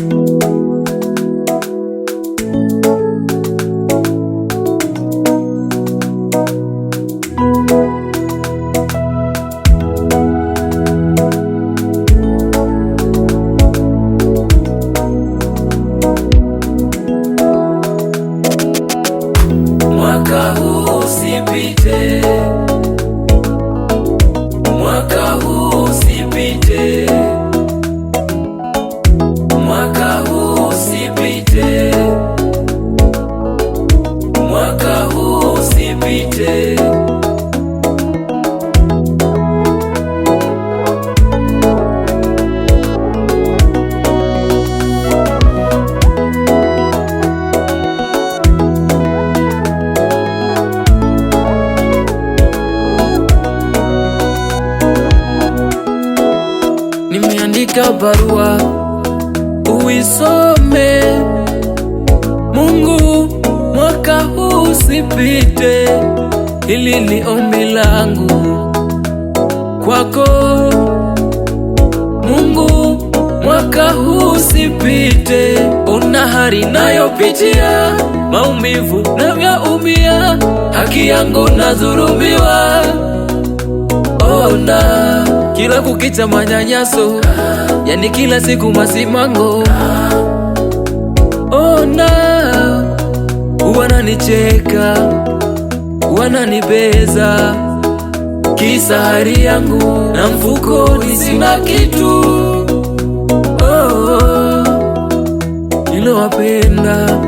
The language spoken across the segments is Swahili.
Thank you. niandike barua uisome, Mungu mwaka huu usipite. Hili ni ombi langu kwako, Mungu mwaka huu usipite. Ona hari nayopitia, maumivu navyaumia, haki yangu nadhulumiwa, ona kila kukicha manyanyaso, yani kila siku masimango. Oh, na wananicheka wananibeza, kisa hari yangu na mfukoni sina kitu. Oh, nilowapenda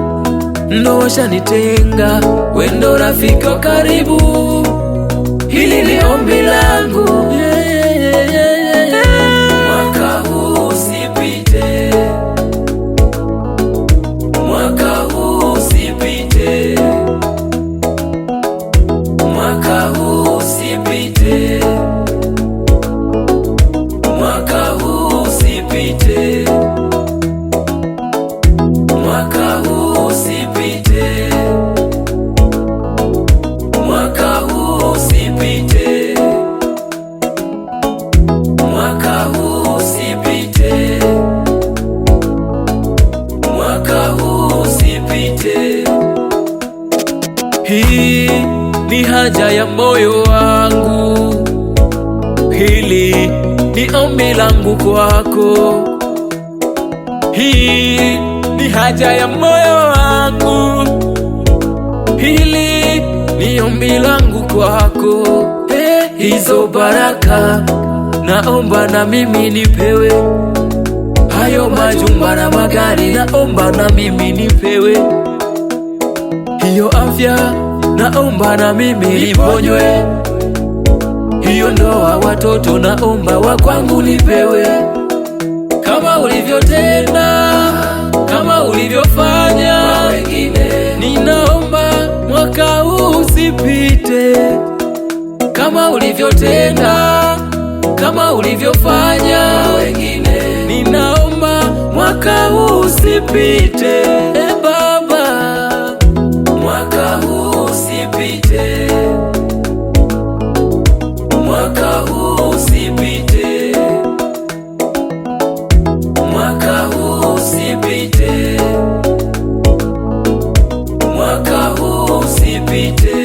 ndo washanitenga, wendo rafiki wa karibu, hili ni ombi langu haja ya moyo wangu, hili ni ombi langu kwako, hii ni haja ya moyo wangu, hili ni ombi langu kwako. Hey, eh, hizo baraka naomba na mimi nipewe, hayo majumba na magari naomba na mimi nipewe, hiyo afya naomba na mimi niponywe, hiyo ndoa watoto naomba wa kwangu nipewe, kama ulivyotenda, kama ulivyofanya wengine, ninaomba mwaka huu usipite, kama ulivyotenda, kama ulivyofanya wengine, ninaomba mwaka huu usipite. We did.